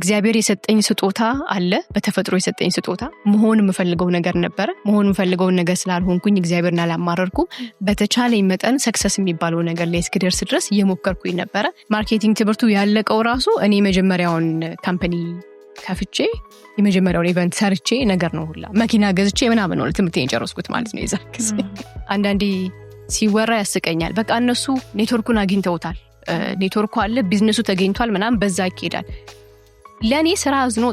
እግዚአብሔር የሰጠኝ ስጦታ አለ። በተፈጥሮ የሰጠኝ ስጦታ መሆን የምፈልገው ነገር ነበረ። መሆን የምፈልገውን ነገር ስላልሆንኩኝ እግዚአብሔርን አላማረርኩም። በተቻለኝ መጠን ሰክሰስ የሚባለው ነገር ላይ እስክደርስ ድረስ እየሞከርኩኝ ነበረ። ማርኬቲንግ ትምህርቱ ያለቀው ራሱ እኔ መጀመሪያውን ካምፓኒ ከፍቼ የመጀመሪያውን ኢቨንት ሰርቼ ነገር ነው ሁላ መኪና ገዝቼ ምናምን ነው ትምህርት የጨረስኩት ማለት ነው። የዛ ጊዜ አንዳንዴ ሲወራ ያስቀኛል። በቃ እነሱ ኔትወርኩን አግኝተውታል ኔትወርኩ አለ ቢዝነሱ ተገኝቷል ምናም በዛ ይሄዳል ለእኔ ስራ እዝ ነው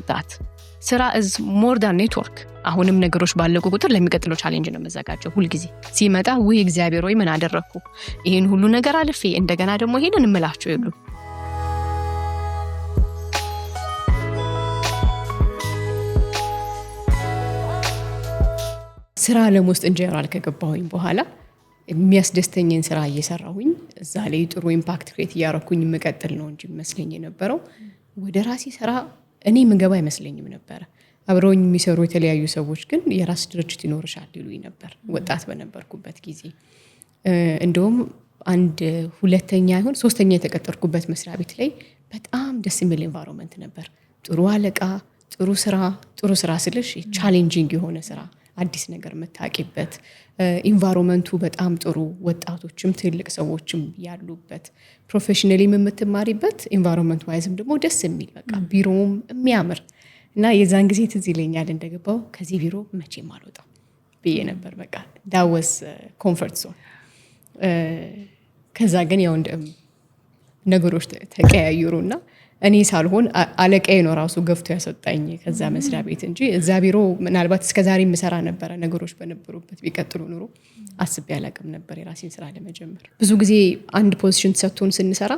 ስራ እዝ ሞር ዳን ኔትወርክ። አሁንም ነገሮች ባለቁ ቁጥር ለሚቀጥለው ቻሌንጅ ነው የምዘጋጀው። ሁልጊዜ ሲመጣ ውይ እግዚአብሔር ወይ ምን አደረግኩ ይህን ሁሉ ነገር አልፌ እንደገና ደግሞ ይሄንን እምላቸው የሉ ስራ ዓለም ውስጥ እንጀራል ከገባሁኝ በኋላ የሚያስደስተኝን ስራ እየሰራሁኝ እዛ ላይ ጥሩ ኢምፓክት ክሬት እያረኩኝ የምቀጥል ነው እንጂ ይመስለኝ የነበረው ወደ ራሴ ስራ እኔ ምገባ አይመስለኝም ነበረ። አብረውኝ የሚሰሩ የተለያዩ ሰዎች ግን የራስ ድርጅት ይኖርሻል ይሉኝ ነበር፣ ወጣት በነበርኩበት ጊዜ። እንደውም አንድ ሁለተኛ ይሁን ሶስተኛ የተቀጠርኩበት መስሪያ ቤት ላይ በጣም ደስ የሚል ኤንቫይሮንመንት ነበር። ጥሩ አለቃ፣ ጥሩ ስራ። ጥሩ ስራ ስልሽ ቻሌንጂንግ የሆነ ስራ አዲስ ነገር የምታቂበት ኢንቫይሮመንቱ በጣም ጥሩ ወጣቶችም ትልቅ ሰዎችም ያሉበት ፕሮፌሽነሊም የምትማሪበት ኢንቫይሮመንት ዋይዝም ደግሞ ደስ የሚል በቃ ቢሮውም የሚያምር እና የዛን ጊዜ ትዝ ይለኛል እንደገባው ከዚህ ቢሮ መቼም አልወጣም ብዬ ነበር። በቃ ዳወስ ኮንፈርት ዞን። ከዛ ግን ያው ነገሮች ተቀያየሩ እና እኔ ሳልሆን አለቃዬ ነው ራሱ ገፍቶ ያሰጣኝ ከዛ መስሪያ ቤት እንጂ እዛ ቢሮ ምናልባት እስከዛሬ የምሰራ ነበረ ነገሮች በነበሩበት ቢቀጥሉ ኑሮ አስቤ አላቅም ነበር የራሴን ስራ ለመጀመር። ብዙ ጊዜ አንድ ፖዚሽን ተሰጥቶን ስንሰራ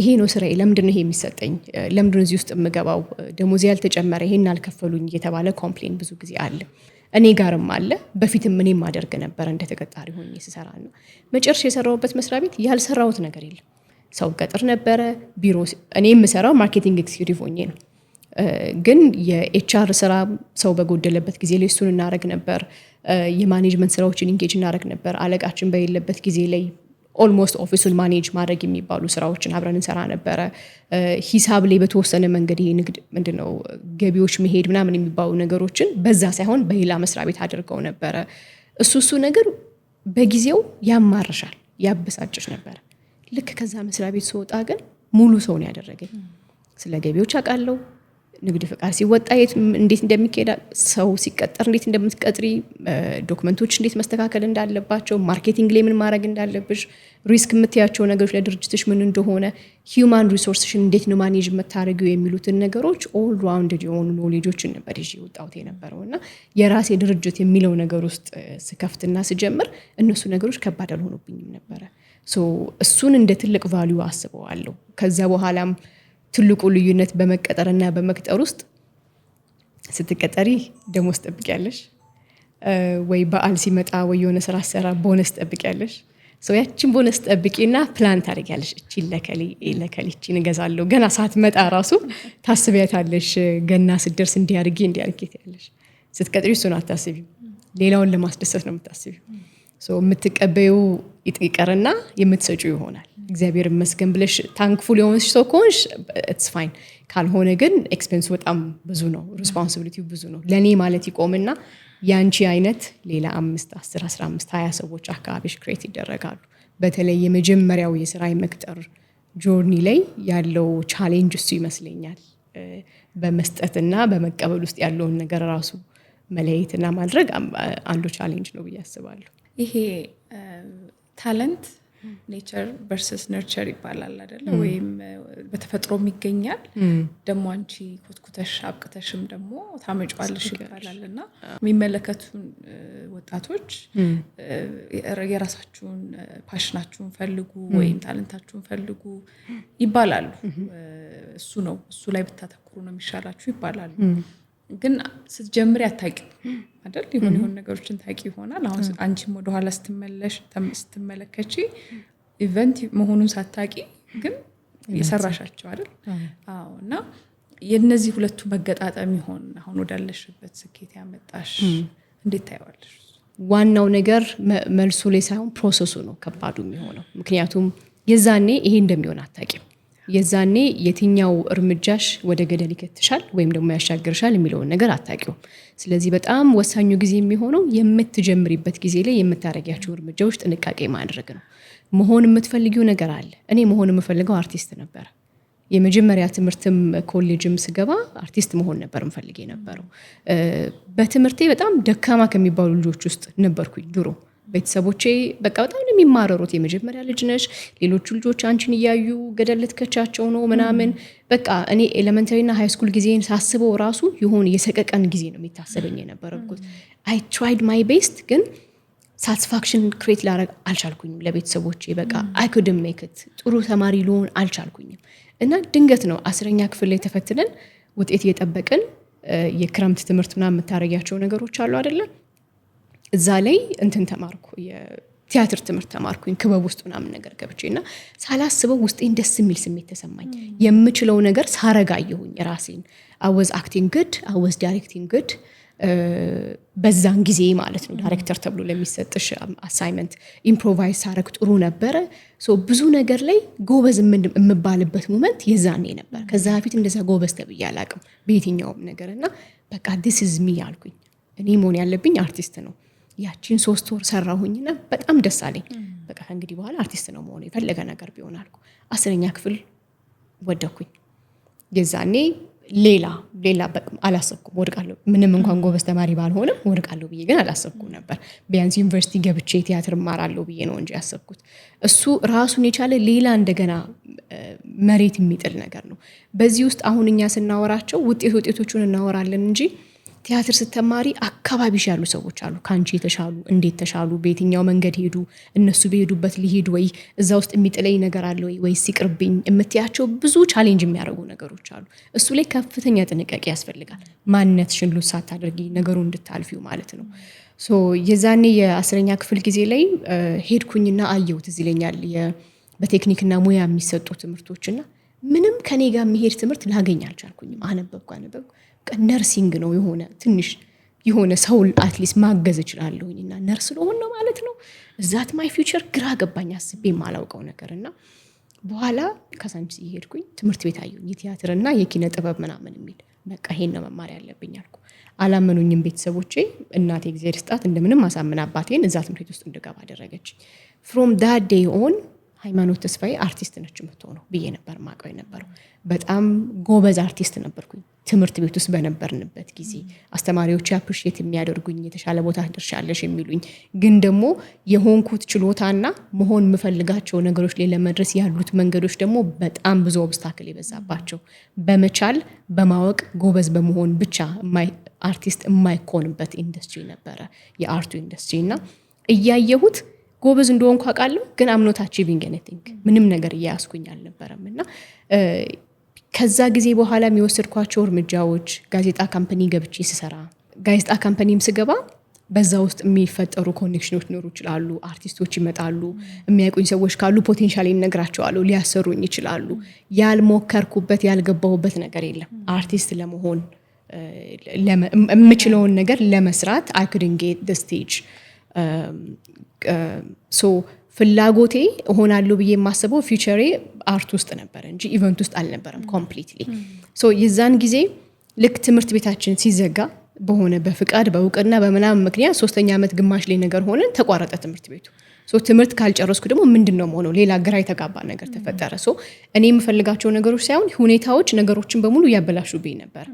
ይሄ ነው ስራዬ፣ ለምንድን ነው ይሄ የሚሰጠኝ? ለምንድን እዚህ ውስጥ የምገባው? ደሞዜ ያልተጨመረ ይሄን አልከፈሉኝ የተባለ ኮምፕሌን ብዙ ጊዜ አለ። እኔ ጋርም አለ። በፊትም እኔም አደርግ ነበረ እንደ ተቀጣሪ ሆኜ ስሰራ መጨረሻ የሰራሁበት መስሪያ ቤት ያልሰራሁት ነገር የለም። ሰው ቀጥር ነበረ ቢሮ። እኔ የምሰራው ማርኬቲንግ ኤክስኪዩቲቭ ሆኜ ነው፣ ግን የኤችአር ስራ ሰው በጎደለበት ጊዜ ላይ እሱን እናደረግ ነበር። የማኔጅመንት ስራዎችን ኢንጌጅ እናደረግ ነበር። አለቃችን በሌለበት ጊዜ ላይ ኦልሞስት ኦፊሱን ማኔጅ ማድረግ የሚባሉ ስራዎችን አብረን እንሰራ ነበረ። ሂሳብ ላይ በተወሰነ መንገድ ይሄ ንግድ ምንድነው ገቢዎች መሄድ ምናምን የሚባሉ ነገሮችን በዛ ሳይሆን በሌላ መስሪያ ቤት አድርገው ነበረ። እሱ እሱ ነገር በጊዜው ያማርሻል፣ ያበሳጭሽ ነበረ። ልክ ከዛ መስሪያ ቤት ስወጣ ግን ሙሉ ሰውን ያደረገኝ። ስለ ገቢዎች አውቃለሁ። ንግድ ፍቃድ ሲወጣ እንዴት እንደሚካሄዳ ሰው ሲቀጠር እንዴት እንደምትቀጥሪ፣ ዶክመንቶች እንዴት መስተካከል እንዳለባቸው፣ ማርኬቲንግ ላይ ምን ማድረግ እንዳለብሽ፣ ሪስክ የምትያቸው ነገሮች ለድርጅትሽ ምን እንደሆነ፣ ሂውማን ሪሶርስሽን እንዴት ነው ማኔጅ የምታደርጊው የሚሉትን ነገሮች ኦል ራውንድ የሆኑ ኖሌጆችን ነበር ይዤ ወጣሁት የነበረው እና የራሴ ድርጅት የሚለው ነገር ውስጥ ስከፍትና ስጀምር እነሱ ነገሮች ከባድ አልሆኑብኝም ነበረ። እሱን እንደ ትልቅ ቫሊዩ አስበዋለሁ። ከዚያ በኋላም ትልቁ ልዩነት በመቀጠርና በመቅጠር ውስጥ ስትቀጠሪ ደሞስ ትጠብቂያለሽ ወይ በአል ሲመጣ ወይ የሆነ ስራ ሰራ ቦነስ ትጠብቂያለሽ። ያችን ቦነስ ጠብቂና ፕላን ታደርጊያለሽ። እቺ ለከሌ ለከሌ እቺን እገዛለሁ። ገና መጣ ራሱ ታስቢያታለሽ። ገና ስደርስ እንዲያርጌ እንዲያርጌ ያለሽ ስትቀጥሪ እሱን አታስቢ ሌላውን ለማስደሰት ነው የምታስቢ የምትቀበዩ ይቅርና የምትሰጩ ይሆናል። እግዚአብሔር መስገን ብለሽ ታንክፉል የሆንሽ ሰው ከሆንሽ ስ ፋይን፣ ካልሆነ ግን ኤክስፔንሱ በጣም ብዙ ነው፣ ሪስፖንሲቢሊቲው ብዙ ነው። ለእኔ ማለት ይቆምና የአንቺ አይነት ሌላ አምስት አስር አስራ አምስት ሀያ ሰዎች አካባቢሽ ክሬት ይደረጋሉ። በተለይ የመጀመሪያው የስራ የመቅጠር ጆርኒ ላይ ያለው ቻሌንጅ እሱ ይመስለኛል። በመስጠትና በመቀበል ውስጥ ያለውን ነገር ራሱ መለየትና ማድረግ አንዱ ቻሌንጅ ነው ብዬ አስባለሁ። ይሄ ታለንት ኔቸር ቨርስስ ነርቸር ይባላል አደለ ወይም በተፈጥሮም ይገኛል ደግሞ አንቺ ኮትኩተሽ አብቅተሽም ደግሞ ታመጫዋለሽ ይባላል እና የሚመለከቱን ወጣቶች የራሳችሁን ፓሽናችሁን ፈልጉ ወይም ታለንታችሁን ፈልጉ ይባላሉ። እሱ ነው እሱ ላይ ብታተኩሩ ነው የሚሻላችሁ ይባላሉ። ግን ስትጀምሪ አታቂ አይደል? የሆነ የሆን ነገሮችን ታቂ ይሆናል። አሁን አንቺም ወደኋላ ስትመለሽ ኢቨንት መሆኑን ሳታቂ ግን የሰራሻቸው አይደል? አዎ። እና የነዚህ ሁለቱ መገጣጠም ይሆን አሁን ወዳለሽበት ስኬት ያመጣሽ? እንዴት ታየዋለሽ? ዋናው ነገር መልሱ ላይ ሳይሆን ፕሮሰሱ ነው ከባዱ የሚሆነው። ምክንያቱም የዛኔ ይሄ እንደሚሆን አታቂም። የዛኔ የትኛው እርምጃሽ ወደ ገደል ይከትሻል ወይም ደግሞ ያሻግርሻል የሚለውን ነገር አታውቂውም። ስለዚህ በጣም ወሳኙ ጊዜ የሚሆነው የምትጀምሪበት ጊዜ ላይ የምታደርጊያቸው እርምጃዎች ጥንቃቄ ማድረግ ነው። መሆን የምትፈልጊው ነገር አለ። እኔ መሆን የምፈልገው አርቲስት ነበር የመጀመሪያ ትምህርትም ኮሌጅም ስገባ አርቲስት መሆን ነበር ምፈልግ የነበረው። በትምህርቴ በጣም ደካማ ከሚባሉ ልጆች ውስጥ ነበርኩኝ ድሮ ቤተሰቦቼ በቃ በጣም ነው የሚማረሩት። የመጀመሪያ ልጅ ነሽ፣ ሌሎቹ ልጆች አንቺን እያዩ ገደል ልትከቻቸው ነው ምናምን። በቃ እኔ ኤሌመንተሪና ሃይስኩል ስኩል ጊዜን ሳስበው ራሱ የሆነ የሰቀቀን ጊዜ ነው የሚታሰበኝ የነበረኩት። አይ ትራይድ ማይ ቤስት ግን ሳትስፋክሽን ክሬት ላረግ አልቻልኩኝም ለቤተሰቦቼ። በቃ አይ ኩድን ሜክ ኢት ጥሩ ተማሪ ልሆን አልቻልኩኝም። እና ድንገት ነው አስረኛ ክፍል ላይ ተፈትነን ውጤት እየጠበቅን የክረምት ትምህርት ምናምን የምታደርጊያቸው ነገሮች አሉ አይደለም እዛ ላይ እንትን ተማርኩ ቲያትር ትምህርት ተማርኩኝ ክበብ ውስጥ ምናምን ነገር ገብቼ እና ሳላስበው ውስጤን ደስ የሚል ስሜት ተሰማኝ። የምችለው ነገር ሳረጋየሁኝ ራሴን አወዝ አክቲንግ ግድ አወዝ ዳይሬክቲንግ ግድ በዛን ጊዜ ማለት ነው። ዳይሬክተር ተብሎ ለሚሰጥሽ አሳይመንት ኢምፕሮቫይዝ ሳረግ ጥሩ ነበረ። ብዙ ነገር ላይ ጎበዝ የምባልበት ሞመንት የዛኔ ነበር። ከዛ በፊት እንደዛ ጎበዝ ተብዬ አላቅም በየትኛውም ነገር እና በቃ ዲስ ዝሚ ሚ አልኩኝ። እኔ መሆን ያለብኝ አርቲስት ነው ያቺን ሶስት ወር ሰራሁኝና በጣም ደስ አለኝ። በቃ ከእንግዲህ በኋላ አርቲስት ነው መሆኑ የፈለገ ነገር ቢሆን አልኩ። አስረኛ ክፍል ወደኩኝ። የዛኔ ሌላ ሌላ አላሰብኩም። ወድቃለሁ ምንም እንኳን ጎበዝ ተማሪ ባልሆንም ወድቃለሁ ብዬ ግን አላሰብኩም ነበር። ቢያንስ ዩኒቨርሲቲ ገብቼ ቲያትር እማራለሁ ብዬ ነው እንጂ ያሰብኩት እሱ ራሱን የቻለ ሌላ እንደገና መሬት የሚጥል ነገር ነው። በዚህ ውስጥ አሁን እኛ ስናወራቸው ውጤት ውጤቶቹን እናወራለን እንጂ ቲያትር ስተማሪ አካባቢሽ ያሉ ሰዎች አሉ ከአንቺ የተሻሉ እንዴት ተሻሉ? በየትኛው መንገድ ሄዱ? እነሱ በሄዱበት ሊሄድ ወይ እዛ ውስጥ የሚጥለኝ ነገር አለ ወይ ወይ ሲቅርብኝ የምትያቸው ብዙ ቻሌንጅ የሚያደርጉ ነገሮች አሉ። እሱ ላይ ከፍተኛ ጥንቃቄ ያስፈልጋል። ማንነት ሽንሉ ሳታደርጊ ነገሩ እንድታልፊው ማለት ነው። ሶ የዛኔ የአስረኛ ክፍል ጊዜ ላይ ሄድኩኝና አየሁት ትዝ ይለኛል በቴክኒክና ሙያ የሚሰጡ ትምህርቶችና ምንም ከኔ ጋር የሚሄድ ትምህርት ላገኝ አልቻልኩኝም። አነበብኩ አነበብኩ ነርሲንግ ነው የሆነ ትንሽ የሆነ ሰው አትሊስት ማገዝ እችላለሁ እና ነርስ ለሆን ነው ማለት ነው። እዛት ማይ ፊውቸር ግራ ገባኝ፣ አስቤ የማላውቀው ነገር እና በኋላ ከሳምሲ ሄድኩኝ ትምህርት ቤት አየሁኝ የቲያትር እና የኪነ ጥበብ ምናምን የሚል በቃ ይሄን ነው መማር ያለብኝ አልኩ። አላመኑኝም ቤተሰቦቼ። እናቴ እግዚአብሔር ስጣት እንደምንም አሳምን አባቴን እዛ ትምህርት ቤት ውስጥ እንድገባ አደረገች። ፍሮም ዳት ዴይ ኦን ሃይማኖት ተስፋዬ አርቲስት ነች የምትሆነው ብዬ ነበር ማቀው የነበረው። በጣም ጎበዝ አርቲስት ነበርኩኝ። ትምህርት ቤት ውስጥ በነበርንበት ጊዜ አስተማሪዎች አፕሪሽት የሚያደርጉኝ የተሻለ ቦታ ደርሻለሽ የሚሉኝ፣ ግን ደግሞ የሆንኩት ችሎታና መሆን የምፈልጋቸው ነገሮች ላይ ለመድረስ ያሉት መንገዶች ደግሞ በጣም ብዙ ኦብስታክል የበዛባቸው በመቻል በማወቅ ጎበዝ በመሆን ብቻ አርቲስት የማይኮንበት ኢንዱስትሪ ነበረ የአርቱ ኢንዱስትሪ እና እያየሁት ጎበዝ እንደሆንኩ አውቃለሁ፣ ግን አምኖታቸው አቺቪንግ ምንም ነገር እያያዝኩኝ አልነበረም እና ከዛ ጊዜ በኋላ የሚወሰድኳቸው እርምጃዎች ጋዜጣ ካምፓኒ ገብቼ ስሰራ ጋዜጣ ካምፓኒም ስገባ በዛ ውስጥ የሚፈጠሩ ኮኔክሽኖች ኖሩ ይችላሉ። አርቲስቶች ይመጣሉ። የሚያውቁኝ ሰዎች ካሉ ፖቴንሻል ይነግራቸዋለሁ። ሊያሰሩኝ ይችላሉ። ያልሞከርኩበት ያልገባሁበት ነገር የለም። አርቲስት ለመሆን የምችለውን ነገር ለመስራት አይ ኩድንት ጌት ስቴጅ ሶ ፍላጎቴ እሆናለሁ ብዬ የማስበው ፊቸሬ አርት ውስጥ ነበረ እንጂ ኢቨንት ውስጥ አልነበረም ኮምፕሊትሊ። ሶ የዛን ጊዜ ልክ ትምህርት ቤታችን ሲዘጋ በሆነ በፍቃድ በእውቅና በምናምን ምክንያት ሶስተኛ ዓመት ግማሽ ላይ ነገር ሆነን ተቋረጠ ትምህርት ቤቱ። ትምህርት ካልጨረስኩ ደግሞ ምንድን ነው ሌላ ግራ የተጋባ ነገር ተፈጠረ። እኔ የምፈልጋቸው ነገሮች ሳይሆን ሁኔታዎች ነገሮችን በሙሉ እያበላሹብኝ ነበር።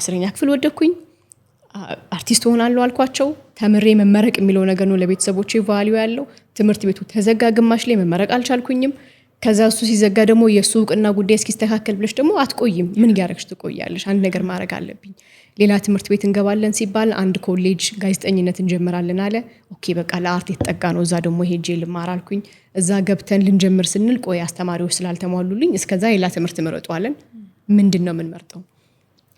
አስረኛ ክፍል ወደኩኝ። አርቲስት ሆናለሁ አልኳቸው። ተምሬ መመረቅ የሚለው ነገር ነው ለቤተሰቦች ቫሊዩ ያለው። ትምህርት ቤቱ ተዘጋ፣ ግማሽ ላይ መመረቅ አልቻልኩኝም። ከዛ እሱ ሲዘጋ ደግሞ የእሱ እውቅና ጉዳይ እስኪስተካከል ብለሽ ደግሞ አትቆይም። ምን እያደረግሽ ትቆያለሽ? አንድ ነገር ማድረግ አለብኝ። ሌላ ትምህርት ቤት እንገባለን ሲባል አንድ ኮሌጅ ጋዜጠኝነት እንጀምራለን አለ። ኦኬ በቃ ለአርት የተጠጋ ነው። እዛ ደግሞ ሄጄ ልማር አልኩኝ። እዛ ገብተን ልንጀምር ስንል ቆይ አስተማሪዎች ስላልተሟሉልኝ እስከዛ ሌላ ትምህርት ምረጧለን። ምንድን ነው የምንመርጠው?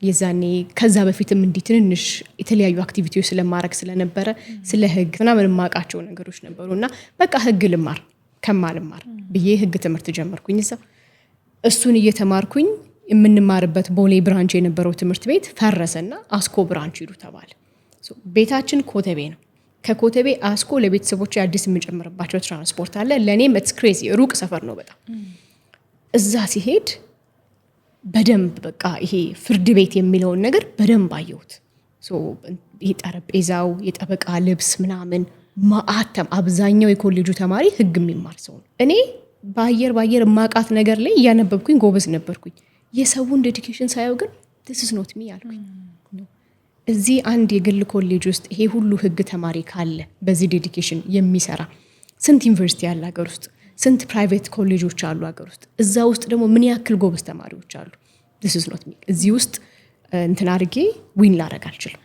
የዛኔ ከዛ በፊትም እንዲህ ትንንሽ የተለያዩ አክቲቪቲዎች ስለማድረግ ስለነበረ ስለ ህግ ምናምን የማውቃቸው ነገሮች ነበሩ እና በቃ ህግ ልማር ከማልማር ብዬ ህግ ትምህርት ጀመርኩኝ። እዛ እሱን እየተማርኩኝ የምንማርበት ቦሌ ብራንች የነበረው ትምህርት ቤት ፈረሰና አስኮ ብራንች ሂዱ ተባለ። ቤታችን ኮተቤ ነው። ከኮተቤ አስኮ ለቤተሰቦች አዲስ የምንጨምርባቸው ትራንስፖርት አለ። ለእኔም ትስ ክሬዚ ሩቅ ሰፈር ነው በጣም እዛ ሲሄድ በደንብ በቃ ይሄ ፍርድ ቤት የሚለውን ነገር በደንብ አየሁት። ይሄ ጠረጴዛው፣ የጠበቃ ልብስ ምናምን ማአተም አብዛኛው የኮሌጁ ተማሪ ህግ የሚማር ሰው ነው። እኔ በአየር በአየር ማቃት ነገር ላይ እያነበብኩኝ ጎበዝ ነበርኩኝ። የሰውን ዴዲኬሽን ሳየው ግን ትስስ ኖት ሚ አልኩኝ። እዚህ አንድ የግል ኮሌጅ ውስጥ ይሄ ሁሉ ህግ ተማሪ ካለ በዚህ ዴዲኬሽን የሚሰራ ስንት ዩኒቨርሲቲ ያለ ሀገር ውስጥ ስንት ፕራይቬት ኮሌጆች አሉ ሀገር ውስጥ። እዛ ውስጥ ደግሞ ምን ያክል ጎበዝ ተማሪዎች አሉ? ስ ኖት እዚህ ውስጥ እንትን አድርጌ ዊን ላረግ አልችልም።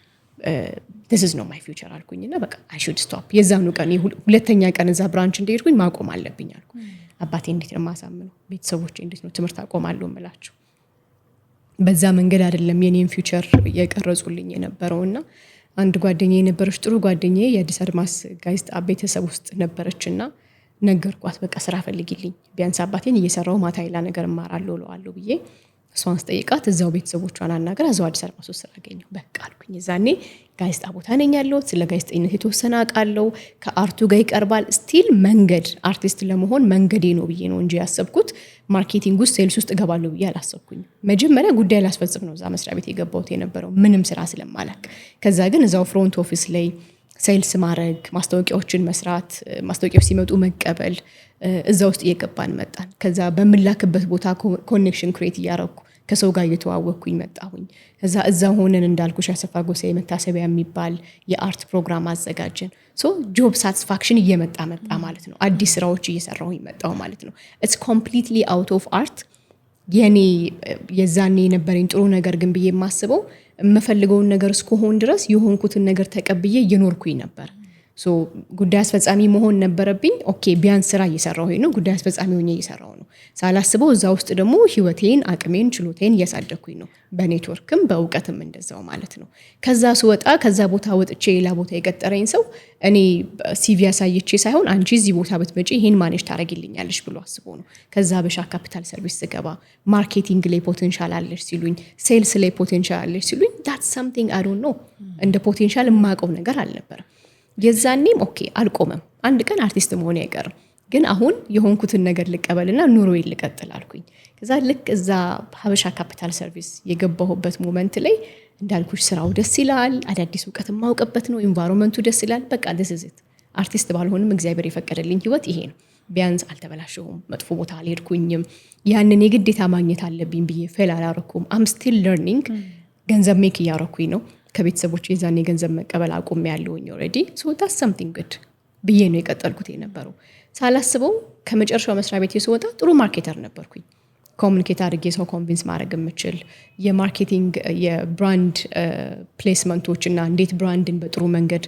ስ ነው ማይ ፊውቸር አልኩኝና በቃ አይ ስቶፕ። የዛኑ ቀን ሁለተኛ ቀን እዛ ብራንች እንደሄድኩኝ ማቆም አለብኝ አልኩ። አባቴ እንዴት ነው ማሳምነው ቤተሰቦች እንዴት ነው ትምህርት አቆማለሁ ምላቸው በዛ መንገድ አይደለም የኔም ፊውቸር የቀረጹልኝ የነበረው እና አንድ ጓደኛ የነበረች ጥሩ ጓደኛ የአዲስ አድማስ ጋዜጣ ቤተሰብ ውስጥ ነበረች እና ነገርኳት። በቃ ስራ ፈልግልኝ ቢያንስ አባቴን እየሰራው ማታ ሌላ ነገር እማራለሁ እለዋለሁ ብዬ እሷን ስጠይቃት እዛው ቤተሰቦቿን አናገር እዛው አዲስ አበባ ሶስት ስራ አገኘሁ። በቃ አልኩኝ። እዛኔ ጋዜጣ ቦታ ነኝ ያለሁት። ስለ ጋዜጠኝነት የተወሰነ አውቃለሁ። ከአርቱ ጋር ይቀርባል። ስቲል መንገድ አርቲስት ለመሆን መንገዴ ነው ብዬ ነው እንጂ ያሰብኩት ማርኬቲንግ ውስጥ ሴልስ ውስጥ እገባለሁ ብዬ አላሰብኩኝ። መጀመሪያ ጉዳይ ላስፈጽም ነው እዛ መስሪያ ቤት የገባሁት የነበረው ምንም ስራ ስለማላቅ። ከዛ ግን እዛው ፍሮንት ኦፊስ ላይ ሴልስ ማድረግ፣ ማስታወቂያዎችን መስራት፣ ማስታወቂያዎች ሲመጡ መቀበል፣ እዛ ውስጥ እየገባን መጣን። ከዛ በምላክበት ቦታ ኮኔክሽን ክሬት እያረኩ ከሰው ጋር እየተዋወቅኩኝ መጣሁኝ። ከዛ እዛ ሆነን እንዳልኩሽ አሰፋ ጎሳ መታሰቢያ የሚባል የአርት ፕሮግራም አዘጋጀን። ሶ ጆብ ሳትስፋክሽን እየመጣ መጣ ማለት ነው። አዲስ ስራዎች እየሰራሁኝ መጣው ማለት ነው። ኢትስ ኮምፕሊትሊ አውት ኦፍ አርት የኔ የዛኔ የነበረኝ ጥሩ ነገር ግን ብዬ የማስበው የምፈልገውን ነገር እስከሆን ድረስ የሆንኩትን ነገር ተቀብዬ እየኖርኩኝ ነበር ጉዳይ አስፈጻሚ መሆን ነበረብኝ። ኦኬ ቢያንስ ስራ እየሰራሁ ነው፣ ጉዳይ አስፈጻሚ ሆኜ እየሰራሁ ነው። ሳላስበው እዛ ውስጥ ደግሞ ህይወቴን፣ አቅሜን፣ ችሎቴን እያሳደግኩኝ ነው፣ በኔትወርክም በእውቀትም እንደዛው ማለት ነው። ከዛ ስወጣ ከዛ ቦታ ወጥቼ ሌላ ቦታ የቀጠረኝ ሰው እኔ ሲቪ ያሳየቼ ሳይሆን አንቺ እዚህ ቦታ ብትመጪ ይህን ማኔጅ ታደረግልኛለች ብሎ አስቦ ነው። ከዛ በሻ ካፒታል ሰርቪስ ስገባ ማርኬቲንግ ላይ ፖቴንሻል አለች ሲሉኝ፣ ሴልስ ላይ ፖቴንሻል አለች ሲሉኝ፣ ዳት ሳምቲንግ አይ ዶንት ኖ እንደ ፖቴንሻል የማውቀው ነገር አልነበረም። የዛኔም ኦኬ አልቆምም። አንድ ቀን አርቲስት መሆን አይቀርም። ግን አሁን የሆንኩትን ነገር ልቀበልና ኑሮዬን ልቀጥል አልኩኝ። ከዛ ልክ እዛ ሀበሻ ካፒታል ሰርቪስ የገባሁበት ሞመንት ላይ እንዳልኩሽ ስራው ደስ ይላል፣ አዳዲስ እውቀት የማውቅበት ነው፣ ኢንቫይሮንመንቱ ደስ ይላል። በቃ ደስ ዝት አርቲስት ባልሆንም እግዚአብሔር የፈቀደልኝ ህይወት ይሄ ነው። ቢያንስ አልተበላሸሁም፣ መጥፎ ቦታ አልሄድኩኝም። ያንን የግዴታ ማግኘት አለብኝ ብዬ ፌል አላረኩም። አም ስቲል ለርኒንግ ገንዘብ ሜክ እያረኩኝ ነው። ከቤተሰቦች የዛን የገንዘብ መቀበል አቁም ያለውኝ ኦልሬዲ ስወጣ ሳምቲንግ ግድ ብዬ ነው የቀጠልኩት የነበረው። ሳላስበው ከመጨረሻው መስሪያ ቤት ስወጣ ጥሩ ማርኬተር ነበርኩኝ። ኮሚኒኬት አድርጌ ሰው ኮንቪንስ ማድረግ የምችል የማርኬቲንግ የብራንድ ፕሌስመንቶች እና እንዴት ብራንድን በጥሩ መንገድ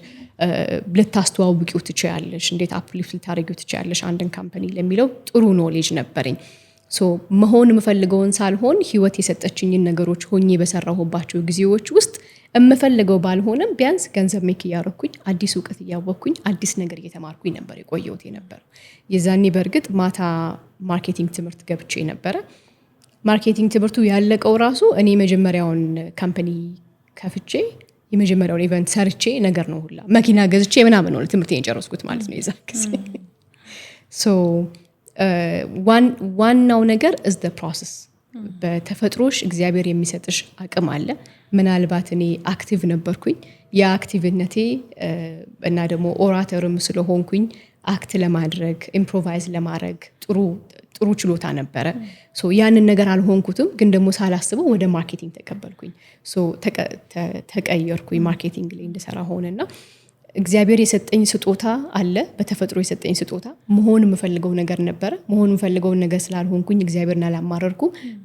ልታስተዋውቂው ትችያለሽ፣ እንዴት አፕሊፍ ልታደረጊው ትችያለሽ አንድን ካምፓኒ ለሚለው ጥሩ ኖሌጅ ነበረኝ። ሶ መሆን የምፈልገውን ሳልሆን ህይወት የሰጠችኝን ነገሮች ሆኜ በሰራሁባቸው ጊዜዎች ውስጥ የምፈልገው ባልሆነም ቢያንስ ገንዘብ ሜክ እያረኩኝ አዲስ እውቀት እያወቅኩኝ አዲስ ነገር እየተማርኩኝ ነበር የቆየሁት የነበረው። የዛኔ በእርግጥ ማታ ማርኬቲንግ ትምህርት ገብቼ ነበረ። ማርኬቲንግ ትምህርቱ ያለቀው ራሱ እኔ የመጀመሪያውን ካምፕኒ ከፍቼ የመጀመሪያውን ኢቨንት ሰርቼ ነገር ነው ሁላ መኪና ገዝቼ ምናምን ሆነ ትምህርት የጨረስኩት ማለት ነው የዛ ጊዜ። ሶ ዋናው ነገር እዝ ፕሮሰስ በተፈጥሮሽ እግዚአብሔር የሚሰጥሽ አቅም አለ ምናልባት እኔ አክቲቭ ነበርኩኝ። የአክቲቭነቴ እና ደግሞ ኦራተርም ስለሆንኩኝ አክት ለማድረግ ኢምፕሮቫይዝ ለማድረግ ጥሩ ጥሩ ችሎታ ነበረ። ያንን ነገር አልሆንኩትም፣ ግን ደግሞ ሳላስበው ወደ ማርኬቲንግ ተቀበልኩኝ። ተቀየርኩኝ ማርኬቲንግ ላይ እንደሰራ ሆነና እግዚአብሔር የሰጠኝ ስጦታ አለ። በተፈጥሮ የሰጠኝ ስጦታ መሆን የምፈልገው ነገር ነበረ። መሆን የምፈልገውን ነገር ስላልሆንኩኝ እግዚአብሔርን አላማረርኩ።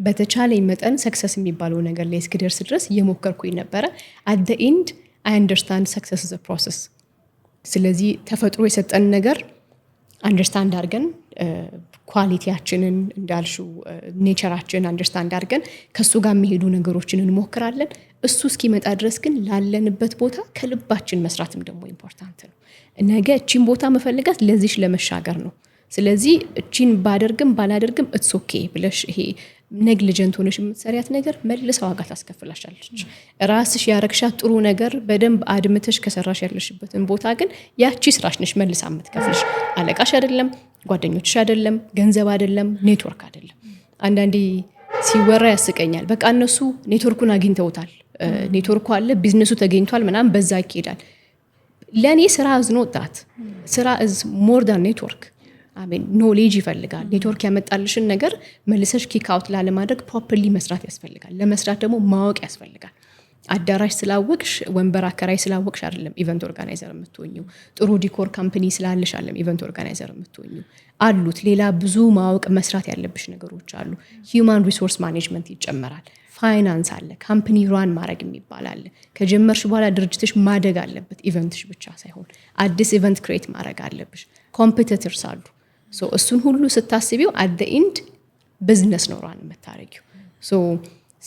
በተቻለኝ መጠን ሰክሰስ የሚባለው ነገር ላይ እስክደርስ ድረስ እየሞከርኩኝ ነበረ። አደ ኢንድ አይ አንደርስታንድ ሰክሰስ ዘ ፕሮሰስ። ስለዚህ ተፈጥሮ የሰጠን ነገር አንደርስታንድ አርገን ኳሊቲያችንን እንዳልሹ ኔቸራችን አንደርስታንድ አድርገን ከእሱ ጋር የሚሄዱ ነገሮችን እንሞክራለን። እሱ እስኪመጣ ድረስ ግን ላለንበት ቦታ ከልባችን መስራትም ደግሞ ኢምፖርታንት ነው። ነገ እቺን ቦታ መፈለጋት ለዚሽ ለመሻገር ነው። ስለዚህ እቺን ባደርግም ባላደርግም እትስ ኦኬ ብለሽ ይሄ ነግሊጀንት ሆነሽ የምትሰሪያት ነገር መልሰ ዋጋ ታስከፍላሻለች። ራስሽ ያረግሻት ጥሩ ነገር በደንብ አድምተሽ ከሰራሽ ያለሽበትን ቦታ ግን ያቺ ስራሽ ነሽ መልሳ የምትከፍልሽ። አለቃሽ አይደለም፣ ጓደኞችሽ አይደለም፣ ገንዘብ አይደለም፣ ኔትወርክ አይደለም። አንዳንዴ ሲወራ ያስቀኛል። በቃ እነሱ ኔትወርኩን አግኝተውታል ኔትወርኩ አለ፣ ቢዝነሱ ተገኝቷል ምናምን በዛ ይካሄዳል። ለእኔ ስራ እዝ ነው ወጣት ስራ እዝ ሞር ዳን ኔትወርክ አሜን ኖሌጅ ይፈልጋል። ኔትወርክ ያመጣልሽን ነገር መልሰሽ ኪክአውት ላለማድረግ ፕሮፐርሊ መስራት ያስፈልጋል። ለመስራት ደግሞ ማወቅ ያስፈልጋል። አዳራሽ ስላወቅሽ ወንበር አከራይ ስላወቅሽ አይደለም ኢቨንት ኦርጋናይዘር የምትሆኝው። ጥሩ ዲኮር ካምፕኒ ስላለሽ አይደለም ኢቨንት ኦርጋናይዘር የምትሆኝው። አሉት ሌላ ብዙ ማወቅ መስራት ያለብሽ ነገሮች አሉ። ሂውማን ሪሶርስ ማኔጅመንት ይጨመራል። ፋይናንስ አለ፣ ካምፕኒ ሯን ማድረግ የሚባል አለ። ከጀመርሽ በኋላ ድርጅትሽ ማደግ አለበት። ኢቨንትሽ ብቻ ሳይሆን አዲስ ኢቨንት ክሬት ማድረግ አለብሽ። ኮምፒቲተርስ አሉ። እሱን ሁሉ ስታስቢው አደ ኢንድ ብዝነስ ነው ሯን የምታደረጊው።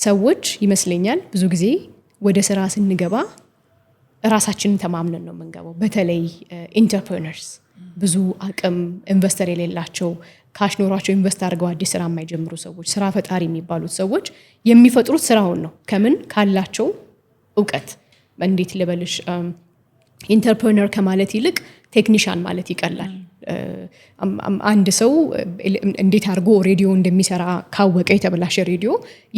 ሰዎች ይመስለኛል ብዙ ጊዜ ወደ ስራ ስንገባ እራሳችንን ተማምነን ነው የምንገባው። በተለይ ኢንተርፕርነርስ uh, ብዙ አቅም ኢንቨስተር የሌላቸው ካሽ ኖሯቸው ኢንቨስት አድርገው አዲስ ስራ የማይጀምሩ ሰዎች፣ ስራ ፈጣሪ የሚባሉት ሰዎች የሚፈጥሩት ስራውን ነው። ከምን ካላቸው እውቀት እንዴት ልበልሽ፣ ኢንተርፕረነር ከማለት ይልቅ ቴክኒሽያን ማለት ይቀላል። አንድ ሰው እንዴት አድርጎ ሬዲዮ እንደሚሰራ ካወቀ የተበላሸ ሬዲዮ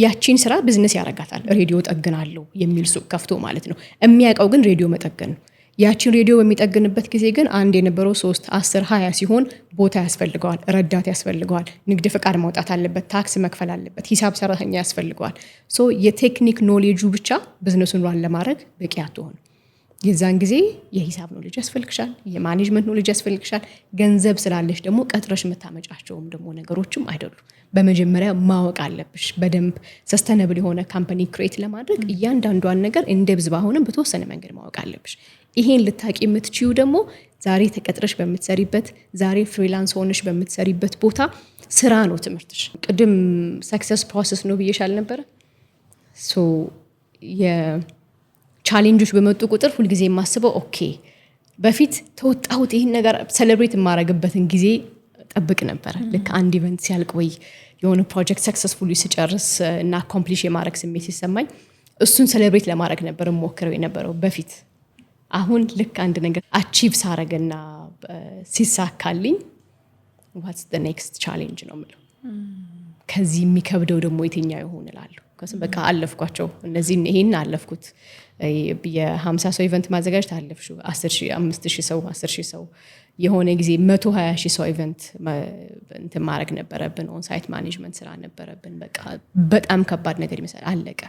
ያቺን ስራ ብዝነስ ያደርጋታል። ሬዲዮ ጠግናለሁ የሚል ሱቅ ከፍቶ ማለት ነው። የሚያውቀው ግን ሬዲዮ መጠገን ነው። ያችን ሬዲዮ በሚጠግንበት ጊዜ ግን አንድ የነበረው ሶስት አስር ሀያ ሲሆን ቦታ ያስፈልገዋል፣ ረዳት ያስፈልገዋል፣ ንግድ ፈቃድ ማውጣት አለበት፣ ታክስ መክፈል አለበት፣ ሂሳብ ሰራተኛ ያስፈልገዋል። ሶ የቴክኒክ ኖሌጁ ብቻ ብዝነሱን ራን ለማድረግ በቂ አትሆን። የዛን ጊዜ የሂሳብ ኖሌጅ ያስፈልግሻል፣ የማኔጅመንት ኖሌጅ ያስፈልግሻል። ገንዘብ ስላለሽ ደግሞ ቀጥረሽ የምታመጫቸውም ደግሞ ነገሮችም አይደሉም። በመጀመሪያ ማወቅ አለብሽ በደንብ ሰስተነብል የሆነ ካምፓኒ ክሬት ለማድረግ እያንዳንዷን ነገር እንደብዝ ብዝብ በተወሰነ መንገድ ማወቅ አለብሽ። ይሄን ልታቂ የምትችዩ ደግሞ ዛሬ ተቀጥረሽ በምትሰሪበት ዛሬ ፍሪላንስ ሆነሽ በምትሰሪበት ቦታ ስራ ነው ትምህርትሽ። ቅድም ሰክሰስ ፕሮሰስ ነው ብዬሽ አልነበረ? የቻሌንጆች በመጡ ቁጥር ሁልጊዜ የማስበው ኦኬ፣ በፊት ተወጣሁት ይህን ነገር ሴሌብሬት የማረግበትን ጊዜ ጠብቅ ነበረ። ልክ አንድ ኢቨንት ሲያልቅ ወይ የሆነ ፕሮጀክት ሰክሰስፉሊ ስጨርስ እና አኮምፕሊሽ የማድረግ ስሜት ሲሰማኝ እሱን ሴሌብሬት ለማድረግ ነበር ሞክረው የነበረው በፊት አሁን ልክ አንድ ነገር አቺቭ ሳረግና ሲሳካልኝ ዋትስ ዘ ኔክስት ቻሌንጅ ነው የምለው። ከዚህ የሚከብደው ደግሞ የትኛው ይሆን እላለሁ። በቃ አለፍኳቸው እነዚህ ይህን አለፍኩት። የሀምሳ ሰው ኢቨንት ማዘጋጀት አለፍሽ። አምስት ሺህ ሰው አስር ሺህ ሰው የሆነ ጊዜ መቶ ሀያ ሺህ ሰው ኢቨንት እንትን ማድረግ ነበረብን። ኦንሳይት ማኔጅመንት ስራ ነበረብን። በቃ በጣም ከባድ ነገር ይመስላል። አለቀ።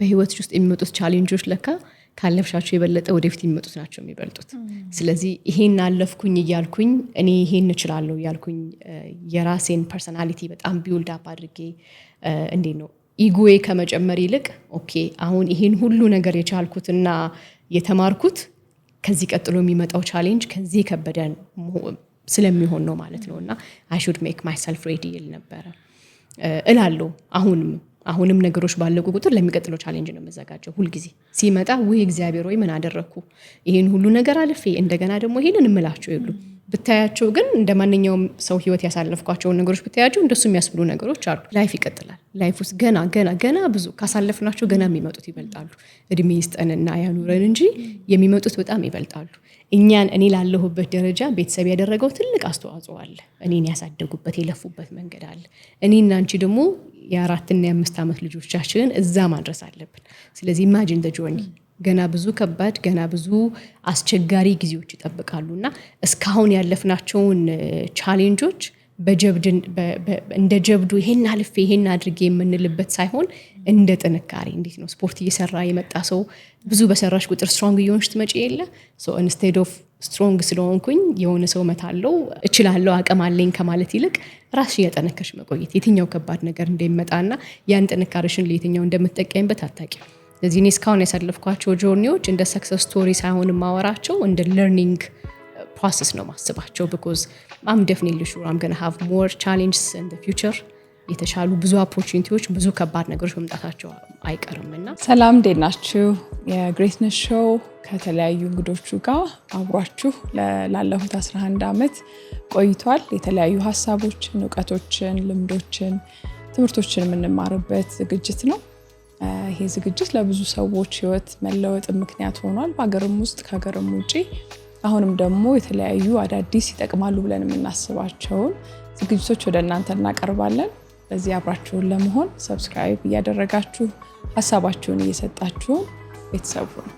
በህይወት ውስጥ የሚመጡት ቻሌንጆች ለካ ካለፍሻቸው የበለጠ ወደፊት የሚመጡት ናቸው የሚበልጡት። ስለዚህ ይሄን አለፍኩኝ እያልኩኝ እኔ ይሄን እችላለሁ እያልኩኝ የራሴን ፐርሰናሊቲ በጣም ቢውልድ አፕ አድርጌ እንዴት ነው ኢጎዬ ከመጨመር ይልቅ ኦኬ አሁን ይሄን ሁሉ ነገር የቻልኩትና የተማርኩት ከዚህ ቀጥሎ የሚመጣው ቻሌንጅ ከዚህ የከበደን ስለሚሆን ነው ማለት ነው እና አይ ሹድ ሜክ ማይሰልፍ ሬዲ ይል ነበረ እላለሁ አሁንም አሁንም ነገሮች ባለቁ ቁጥር ለሚቀጥለው ቻሌንጅ ነው የምዘጋጀው። ሁልጊዜ ሲመጣ ውይ እግዚአብሔር ወይ ምን አደረግኩ ይህን ሁሉ ነገር አልፌ እንደገና ደግሞ ይህን እምላቸው የሉም ብታያቸው ግን እንደ ማንኛውም ሰው ህይወት ያሳለፍኳቸውን ነገሮች ብታያቸው እንደሱ የሚያስብሉ ነገሮች አሉ። ላይፍ ይቀጥላል። ላይፍ ውስጥ ገና ገና ገና ብዙ ካሳለፍናቸው ገና የሚመጡት ይበልጣሉ። እድሜ ይስጠንና ያኑረን እንጂ የሚመጡት በጣም ይበልጣሉ። እኛን እኔ ላለሁበት ደረጃ ቤተሰብ ያደረገው ትልቅ አስተዋጽኦ አለ። እኔን ያሳደጉበት የለፉበት መንገድ አለ። እኔ እናንቺ ደግሞ የአራትና የአምስት ዓመት ልጆቻችንን እዛ ማድረስ አለብን። ስለዚህ ኢማጂን ዘ ጆርኒ ገና ብዙ ከባድ ገና ብዙ አስቸጋሪ ጊዜዎች ይጠብቃሉ እና እስካሁን ያለፍናቸውን ቻሌንጆች እንደ ጀብዱ ይሄን አልፌ ይሄን አድርጌ የምንልበት ሳይሆን እንደ ጥንካሬ እንዴት ነው ስፖርት እየሰራ የመጣ ሰው ብዙ በሰራሽ ቁጥር ስትሮንግ እየሆንሽ ትመጪ የለ ኢንስቴድ ኦፍ ስትሮንግ ስለሆንኩኝ የሆነ ሰው መታለው እችላለው አቅም አለኝ ከማለት ይልቅ ራስሽ እያጠነከሽ መቆየት የትኛው ከባድ ነገር እንደሚመጣና ያን ጥንካሬሽን ለየትኛው እንደምትጠቀሚበት አታቂ ስለዚህ እኔ እስካሁን ያሳለፍኳቸው ጆርኒዎች እንደ ሰክሰስ ስቶሪ ሳይሆን ማወራቸው እንደ ለርኒንግ ፕሮሰስ ነው ማስባቸው ቢኮዝ አም ደፍኔ ልሹር አም ገና ሃቭ ሞር ቻሌንጅስ ኢን ፊውቸር የተሻሉ ብዙ ኦፖርቹኒቲዎች፣ ብዙ ከባድ ነገሮች መምጣታቸው አይቀርም እና ሰላም፣ እንዴት ናችሁ? የግሬትነስ ሾው ከተለያዩ እንግዶቹ ጋር አብሯችሁ ላለፉት 11 ዓመት ቆይቷል። የተለያዩ ሀሳቦችን፣ እውቀቶችን፣ ልምዶችን፣ ትምህርቶችን የምንማርበት ዝግጅት ነው። ይሄ ዝግጅት ለብዙ ሰዎች ህይወት መለወጥ ምክንያት ሆኗል። በሀገርም ውስጥ ከሀገርም ውጭ አሁንም ደግሞ የተለያዩ አዳዲስ ይጠቅማሉ ብለን የምናስባቸውን ዝግጅቶች ወደ እናንተ እናቀርባለን። በዚህ አብራችሁን ለመሆን ሰብስክራይብ እያደረጋችሁ ሀሳባችሁን እየሰጣችሁ ቤተሰቡ ነው።